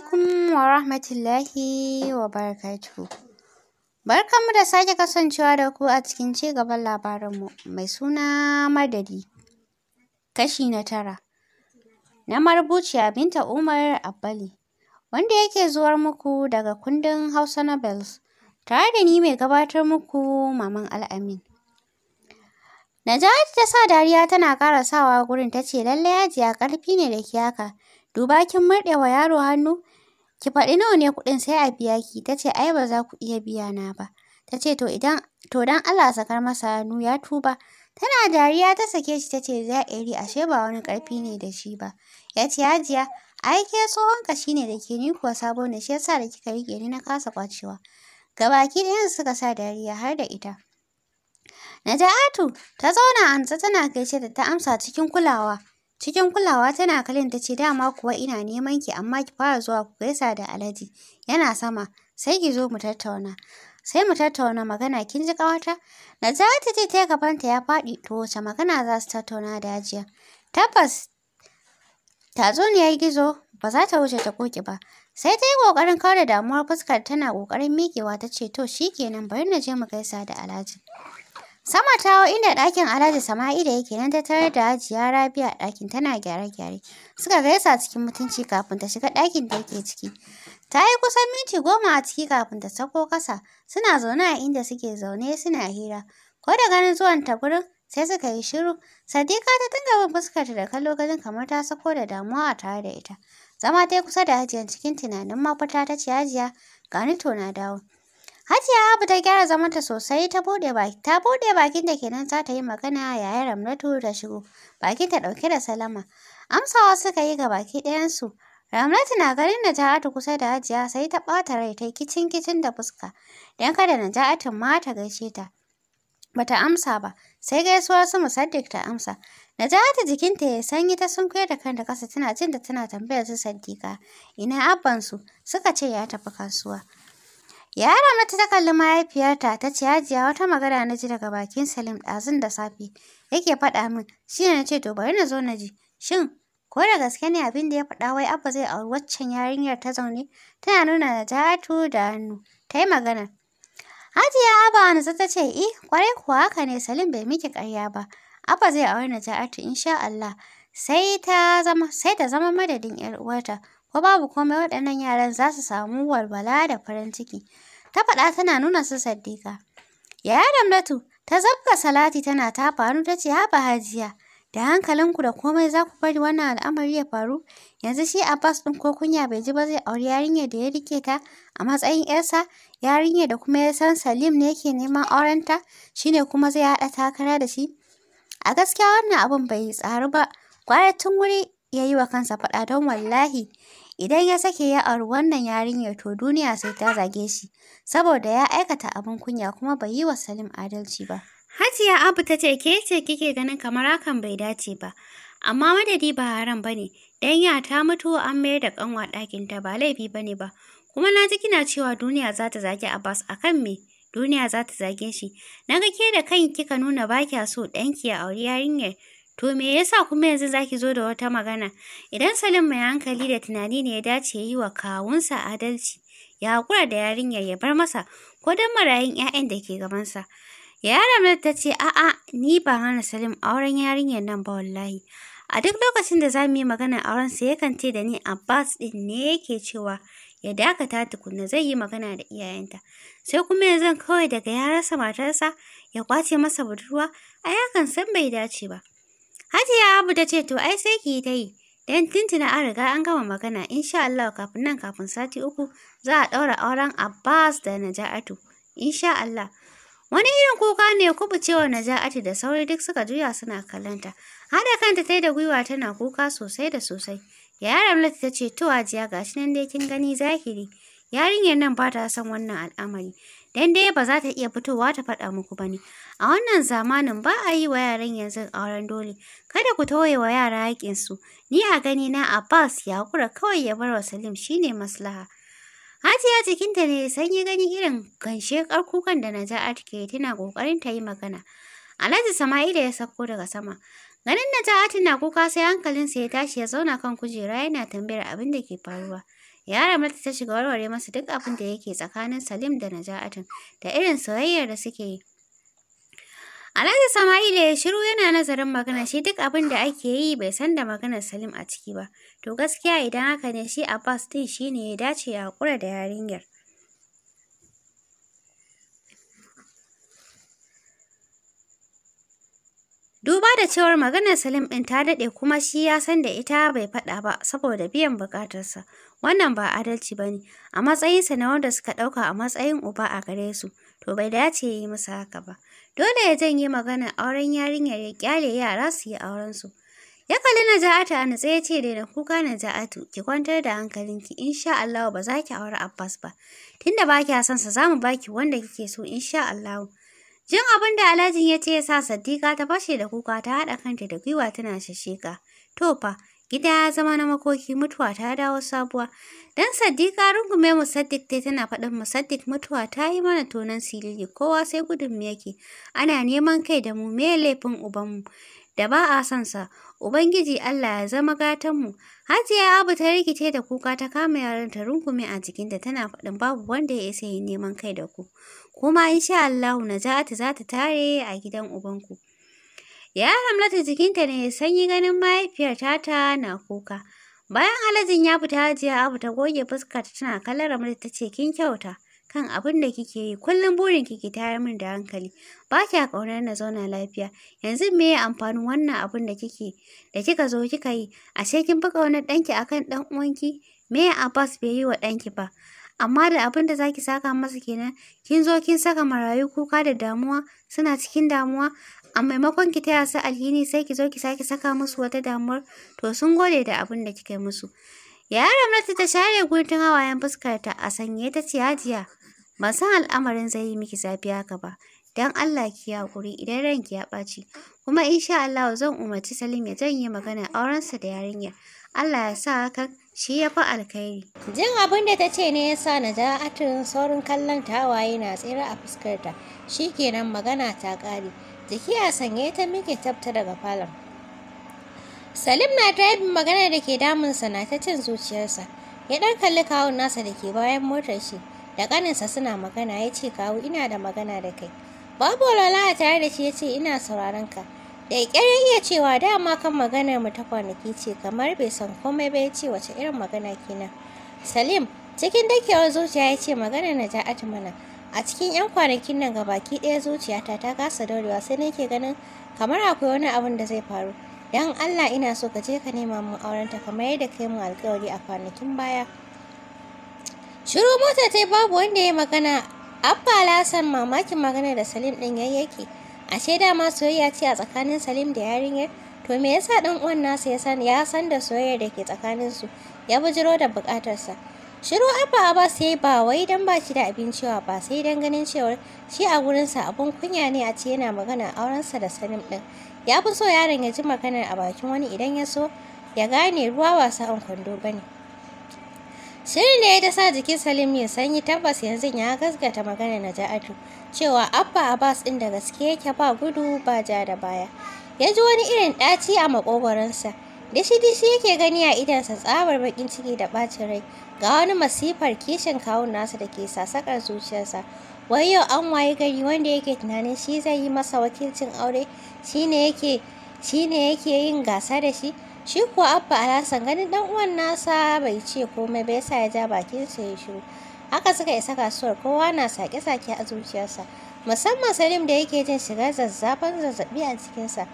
alaikum wa rahmatullahi wa barakatuhu. Barkanmu da sake kasancewa da ku a cikin ci gaban labarinmu mai suna madadi. Kashi na tara. Na marubuciya Binta Umar Abbali, wanda yake zuwar muku daga kundin Hausa Nobels, tare da ni mai gabatar muku Maman Al'amin. Najat ta sa dariya tana ƙara sawa gurin ta ce lallai ajiya ƙarfi ne da kiyaka. Duba kin murɗe wa yaro hannu. Ki faɗi nawa ne kuɗin sai a biya ki. Ta ce ai ba za ku iya biya na ba. Ta ce to idan to dan Allah sakar masa hannu ya tuba. Tana dariya ta sake shi ta ce iri ashe ba wani ƙarfi ne da shi ba. Ya ce hajiya ai ke tsohon shi ne da ke ni kuwa sabo ne shi yasa da kika riƙe ni na kasa kwacewa. Gabaki ɗayan suka sa dariya har da ita. Naja'atu ta zauna a tana gaishe da ta amsa cikin kulawa. Cikin kulawa tana kalin ta ce dama kuwa ina neman ki amma ki fara zuwa ku gaisa da Alhaji yana sama sai ki zo mu tattauna. Sai mu tattauna magana kin ji ƙawata? ta ce ta ta ya faɗi to wace magana za su tattauna da Hajiya? Tabbas tatsuniyar gizo ba za ta wuce ta koki ba. Sai ta yi ƙoƙarin kawar da damuwar fuskar tana ƙoƙarin miƙewa ta ce to shikenan bari na je mu gaisa da Alhaji. Sama ta hau inda ɗakin Alhaji sama'i da yake nan ta tarar da Hajiya Rabi'a ɗakin tana gyare-gyare. Suka gaisa cikin mutunci kafin ta shiga ɗakin da yake ciki. Ta yi kusan minti goma a ciki kafin ta sako ƙasa. Suna zaune a inda suke zaune suna hira. Ko da ganin zuwan ta gurin sai suka yi shiru. Sadiqa ta dinga bin fuskarta da kallo ganin kamar ta sako da damuwa a tare da ita. Zama ta yi kusa da hajiya cikin tunanin mafita ta ce Hajiya ga ni to na dawo. Hajiya Abu ta gyara zamanta sosai ta bude baki ta bude bakin da kenan za ta yi magana yayin Ramnatu da shigo. Bakin ta dauke da salama. Amsawa suka yi ga baki ɗayansu. Ramnatu na ganin Naja'atu kusa da Hajiya sai ta bata rai ta kicin kicin da fuska. Dan kada Naja'atun ma ta gaishe ta. Bata amsa ba, sai gaisuwar su Musaddiq ta amsa. Naja'atu jikinta ya sanyi ta sunkuyar da kanta kasa tana jin da tana tambayar su Saddiqa. Ina abban su? Suka ce ya tafi kasuwa. Yara mata ta kalli mahaifiyarta ta ce hajiya wata magana na ji daga bakin Salim ɗazun da safe yake faɗa min shi ne na ce to bari na zo na ji shin ko da gaske ne abin da ya faɗa wai abba zai auri waccan yarinyar ta zaune tana nuna jatu da hannu ta yi magana. Hajiya Abba wani ta ce i eh, kwarai kuwa haka ne Salim bai miki karya ba Abba zai auri na insha Allah sai ta zama sai ta zama madadin 'yar uwarta ko babu komai waɗannan yaran za su samu walwala da farin ciki. ta faɗa tana nuna su Saddiƙa. Yaya Damlatu ta zabga Salati tana ta faru ta ce haba hajiya da hankalinku da komai za ku bari wannan al'amari ya faru yanzu shi a Abbas ɗin ko kunya bai ji ba zai auri yarinyar da ya rike ta a matsayin yarsa yarinyar da kuma ya san Salim ne yake neman aurenta shine kuma zai haɗa takara da shi. A gaskiya wannan abun bai tsaru ba gwara wuri ya yi wa kansa faɗa don wallahi Idan ya sake ya auri wannan yarinyar to duniya sai ta zage shi, saboda ya aikata abin kunya kuma bai yi wa Salim adalci ba. Hajiya Abu ta ce ke ce kike ganin kamar hakan bai dace ba, amma madadi ba haram ba ne, ɗan ya ta mutu an mayar da ƙanwa ɗakinta ba laifi ba ne ba, kuma na ji kina cewa duniya za ta zage Abbas a kan me? Duniya za ta zage shi. Na ga ke da kan kika nuna ba kya so ɗanki ya auri yarinyar To me yasa kuma yanzu zaki zo da wata magana? Idan Salim mai hankali da tunani ne ya dace yi wa kawunsa adalci, ya haƙura da yarinyar ya bar masa ko don marayun 'ya'yan da ke gabansa. Yaramar ta ce, a'a, ni ba hana Salim auren yarinyar nan ba wallahi. A duk lokacin da za mu yi maganar aurensa yakan ce da ni Abbas ɗin ne yake cewa ya dakata tukunna zai yi magana da iyayenta sai kuma yanzu kawai daga yaransa matarsa ya kwace masa budurwa a yakan san bai dace ba Hajiya Abu ta ce to ai sai ki ta yi. Dan tintina an riga an gama magana insha Allah kafin nan kafin sati uku za a ɗaura auren Abbas da Naja'atu insha Allah. Wani irin kuka ne kubucewa Naja'atu da sauri duk suka juya suna kallanta. Hada kanta ta da gwiwa tana kuka sosai da sosai. Yaya Ramlatu ta ce to Hajiya gashi nan dai kin gani zahiri. Yarinyar nan ba ta son wannan al'amari. dan dai ba za ta iya fitowa ta faɗa muku ba ne. A wannan zamanin ba a yi wa yaran yanzu auren dole, kada ku tauye wa yara haƙƙinsu. Ni a gani na Abbas ya kura kawai ya bar wa Salim shine maslaha. Hajiya jikinta ne sanyi gani irin ganshekar kukan da naja'a ke tana ƙoƙarin ta yi magana. Alhaji Sama'ila ya sauko daga sama. Ganin Naja'at na kuka sai hankalinsa ya tashi ya zauna kan kujera yana tambayar abin da ke faruwa. Yara mata ta shiga warware masa duk abin da yake tsakanin Salim da Naja'atun da irin soyayyar da suke yi. Alhaji Samari da ya shiru yana nazarin magana shi duk abin da ake yi bai san da maganar Salim a ciki ba. To gaskiya idan haka ne shi Abbas din shine ya dace ya hakura da yarinyar. Duba da cewar maganar Salim ɗin ta daɗe kuma shi ya san da ita bai faɗa ba saboda biyan buƙatarsa. Wannan ba adalci ba ne, a matsayinsa na wanda suka ɗauka a matsayin uba a gare su, to bai dace ya yi masa haka ba. Dole ya janye magana auren yarinyar ya kyale yara su yi aurensu. Ya kalli Naja'atu a natsaye ya ce daina kuka Naja'atu, ki kwantar da hankalinki, insha allahu ba za ki aure Abbas ba. Tunda ba ki son sa za mu baki wanda kike so insha Allah. Jin abin da Alhaji ya ce ya sa Saddiqa ta fashe da kuka ta haɗa kanta da gwiwa tana shasheka. To fa, gida ya zama na makoki mutuwa ta dawo sabuwa. Dan Saddiqa rungume Musaddiq dai tana faɗin Sadiq mutuwa ta yi mana tonan silili kowa sai gudun mu yake. Ana neman kai da mu me laifin ubanmu da ba a san sa. Ubangiji Allah ya zama gatanmu. Hajiya Abu ta rikice da kuka ta kama yaran ta rungume a jikinta tana faɗin babu wanda ya isa yin neman kai da ku. Kuma insha Allah Najatu za ta tare a gidan ubanku. Ya hamlata jikinta ne sanyi ganin mahaifiyar ta na kuka. Bayan halajin ya fita hajiya Abu ta goge fuskar tana kallon ramar ta ce kin kyauta. kan abin da kike yi kullum burin ki tayar min da hankali ba kya kaunar na zauna lafiya yanzu me ya amfanin wannan abin da kike da kika zo kika yi ashe kin fi ƙaunar ɗanki akan ɗan uwanki me ya Abbas bai yi wa ɗanki ba amma da abin da zaki saka masa kenan kin zo kin saka marayu kuka da damuwa suna cikin damuwa a maimakon ki taya su alhini sai ki zo ki sake saka musu wata damuwar to sun gode da abin da kika yi musu Yaron ta share guntun hawayen fuskarta a sanye ta ciyajiya. hajiya. Ba san al'amarin zai yi miki zafi haka ba. Dan Allah ki hakuri idan ranki ya ɓaci. Kuma insha Allah zan umarci Salim ya janye magana aurensa da yarinya. Allah ya sa haka shi ya fa alkhairi. Jin abin da ta ce ne ya sa na ja atirin saurin kallon tawaye na tsira a fuskarta. Shi kenan magana ta ƙare. Jiki a sanye ta miƙe tafta daga falon. Salim na ta yi magana da ke damunsa na ta cin zuciyarsa. Ya ɗan kalli kawun nasa da ke bayan motar shi. da ƙaninsa suna magana ya ce kawu ina da magana da kai babu walwala a tare da shi ya ce ina sauraron ka da ƙyar iya cewa dama kan maganar mu ta kwanaki ce kamar bai san komai ba ya ce wace irin magana kina. salim cikin dakewar zuciya ya ce magana na naja'atu mana a cikin 'yan kwanakin nan ga baki ɗaya zuciyata ta kasa daurewa sai nake ganin kamar akwai wani abin da zai faru don allah ina so ka je ka nema mun aurenta kamar yadda kai mu alkawari a kwanakin baya shiru mota ta babu wanda ya magana abba lasan mamakin magana da salim ɗin yayyake ashe ma soyayya ce a tsakanin salim da yarinyar to me yasa dan uwan nasa ya san ya san da soyayyar da ke tsakanin su ya bujiro da bukatarsa. shiru abba ba sai yi ba wai dan ba shi da abin cewa ba sai dan ganin cewa shi a gurinsa abun kunya ne a ce yana magana aurensa da salim din ya fi so yaron ya ji magana a bakin wani idan ya so ya gane ruwa wasa an kwando bane Shirin da ya dasa jikin Salim ya sanyi tabbas yanzu ya gasgata magana na Ja'atu cewa Abba Abbas ɗin da gaske yake ba gudu ba ja da baya. Ya ji wani irin ɗaci a maƙogwaronsa. Dishi-dishi yake gani a idansa tsabar bakin ciki da bacin rai ga wani masifar kishin kawun nasa da ke sasakar zuciyarsa. Wai yau an waye gari wanda yake tunanin shi zai yi masa wakilcin aure shine yake yake yin gasa da shi. shi kuwa abba alhassan ganin dan uwan nasa bai ce komai ba yasa ya ja bakin bakinsa ya shiru haka suka isa kasuwar kowa na sake-sake a zuciyarsa musamman salim da yake jin shiga zazzafan zazzabi a cikinsa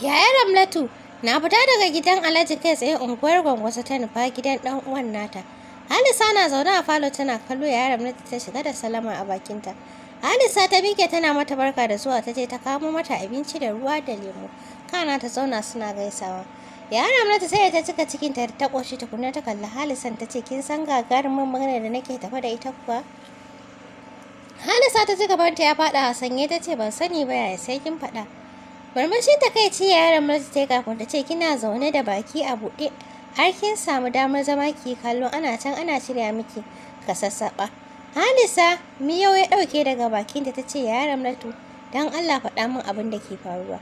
yaya ramlatu na fita daga gidan alhaji kai tsaye unguwar gwangwasa ta nufa gidan dan uwan nata halisa na zaune a falo tana kallo yaya ramlatu ta shiga da salama a bakinta halisa ta bike tana mata barka da zuwa ta je ta kamo mata abinci da ruwa da lemu. kana ta zauna suna gaisawa yara mata sai ta cika cikin ta ta koshi kunna ta kalli halisan ta ce kin san gagarumin magana da nake tafa da ita kuwa halisa ta ji ta ya faɗa a sanye ta ce ban sani ba ya sai kin faɗa murmushi ta kai ci yaran mata ta kafin ta ce kina zaune da baki a buɗe har kin samu damar zama ki kallo ana can ana shirya miki ka sassaɓa halisa miyau ya ɗauke daga bakinta ta ce yaran ratu don allah faɗa min abin da ke faruwa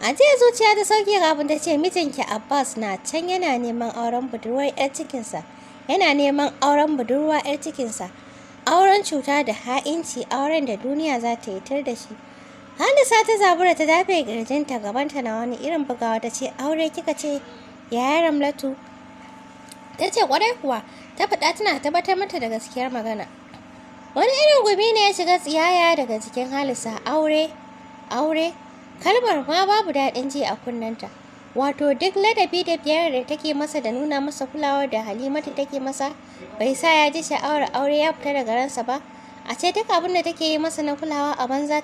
A jiya zuciya da sauki kafin ta ce mijinki Abbas na can yana neman auren budurwar 'yar cikinsa. Yana neman auren budurwa 'yar cikinsa. Auren cuta da ha'inci auren da duniya za ta yi tar da shi. Halisa ta zabura ta dafe gaban gabanta na wani irin bugawa ta ce aure kika ce yi Ramlatu. Ta ce kwarai kuwa ta faɗa tana tabbatar mata da gaskiyar magana. Wani irin gumi ne ya shiga tsiyaya daga jikin Halisa aure aure kalmar ma babu daɗin ji a kunnenta wato duk ladabi da biyar da take masa da nuna masa kulawa da halimatu take masa bai sa ya ji sha'awar aure ya fita daga ransa ba a ce duk abin da take yi masa na kulawa a banza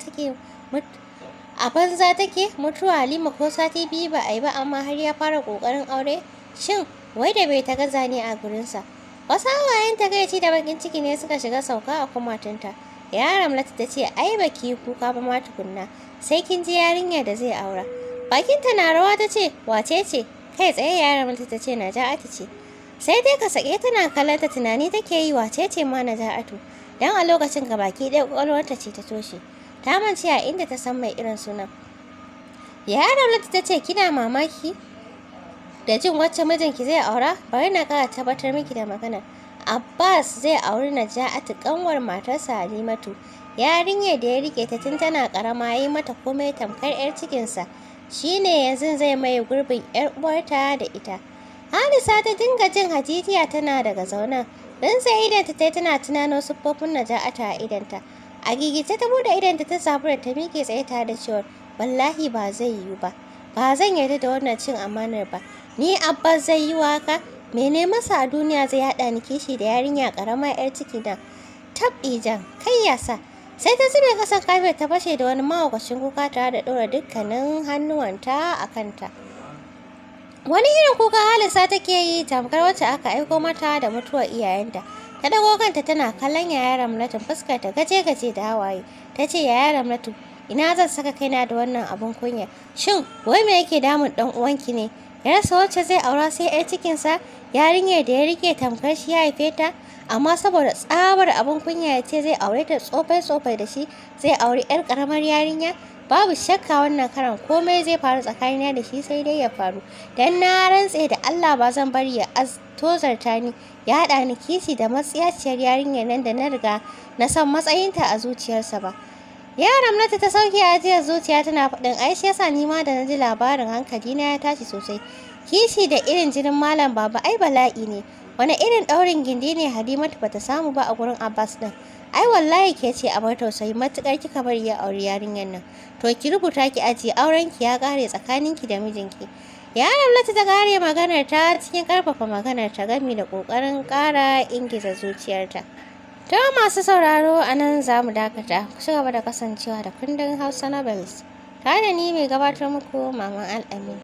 take a mutuwa halima ko sati biyu ba a yi ba amma har ya fara ƙoƙarin aure shin wai da bai ta gaza ne a gurinsa wasu hawayen takaici da bakin ciki ne suka shiga sauka a kumatunta. yaron lati ta ce ai baki kuka ba ma tukunna sai kin ji yarinya da zai aura bakinta na rawa ta ce wace ce kai tsaye yaron lati ta ce naja'atu ce sai dai ka sake tana ta tunani take yi wace ce ma naja'atu dan a lokacin ga baki dai kwakwalwarta ce ta toshe ta mance a inda ta san mai irin sunan yaron lati ta ce kina mamaki da jin wacce mijinki zai aura bari na ƙara tabbatar miki da magana. Abbas zai auri Naja'atu ƙanwar matar Salimatu. Yarinyar da ya rike ta tun tana karama ya yi mata komai tamkar 'yar cikinsa. Shi ne yanzu zai maye gurbin 'yar uwarta da ita. Halisa ta dinga jin hajijiya tana daga zaunan. Don sai idanta ta tana tunanin siffofin Naja'atu a idanta. A gigice ta bude idanta ta zabura ta miƙe tsaye ta da cewa wallahi ba zai yiwu ba. Ba zan yarda da wannan cin amanar ba. Ni Abbas zai yi waka. mene masa a duniya zai haɗa ni kishi da yarinya ƙarama 'yar ciki da Tabbi, Jan. kai yasa sai ta zube kasan kafe ta fashe da wani mahaukacin kuka tare da ɗora dukkanin hannuwanta a kanta wani irin kuka halisa take yi tamkar wacce aka aiko mata da mutuwar iyayenta ta dago kanta tana kallon yaya ramlatin fuskar ta gaje-gaje da hawaye ta ce yaya ramlatin ina zan saka kaina da wannan abin kunya shin wai me yake damun dan uwanki ne ya wacce zai aura sai yar cikinsa Yarinya da ya rike tamkar shi ya haife ta amma saboda tsabar abin kunya ya ce zai aure ta tsofai-tsofai da shi zai aure 'yar karamar yarinya babu shakka wannan karan komai zai faru tsakanin da shi sai dai ya faru dan na rantse da Allah ba zan bari ya tozarta ni ya haɗa ni kishi da matsiyaciyar yarinyar nan da na riga na san matsayinta a zuciyarsa ba Yaran Nata ta sauke jiya zuciya tana faɗin ai shi yasa ni ma da na ji labarin hankali na ya tashi sosai kishi da irin jinin malam baba ai bala'i ne wani irin ɗaurin gindi ne halimatu bata samu ba a gurin abbas ɗin ai wallahi ke ce a bar tausayi matuƙar kika bari ya auri yarinyar nan to ki rubuta ki ajiye ki ya ƙare tsakaninki da mijinki yaron lati ta ƙare maganar ta cikin ƙarfafa maganar ta gami da ƙoƙarin ƙara ingiza zuciyarta ta masu sauraro a nan za mu dakata ku ci gaba da kasancewa da kundin hausa novels tare da ni mai gabatar muku maman al'amin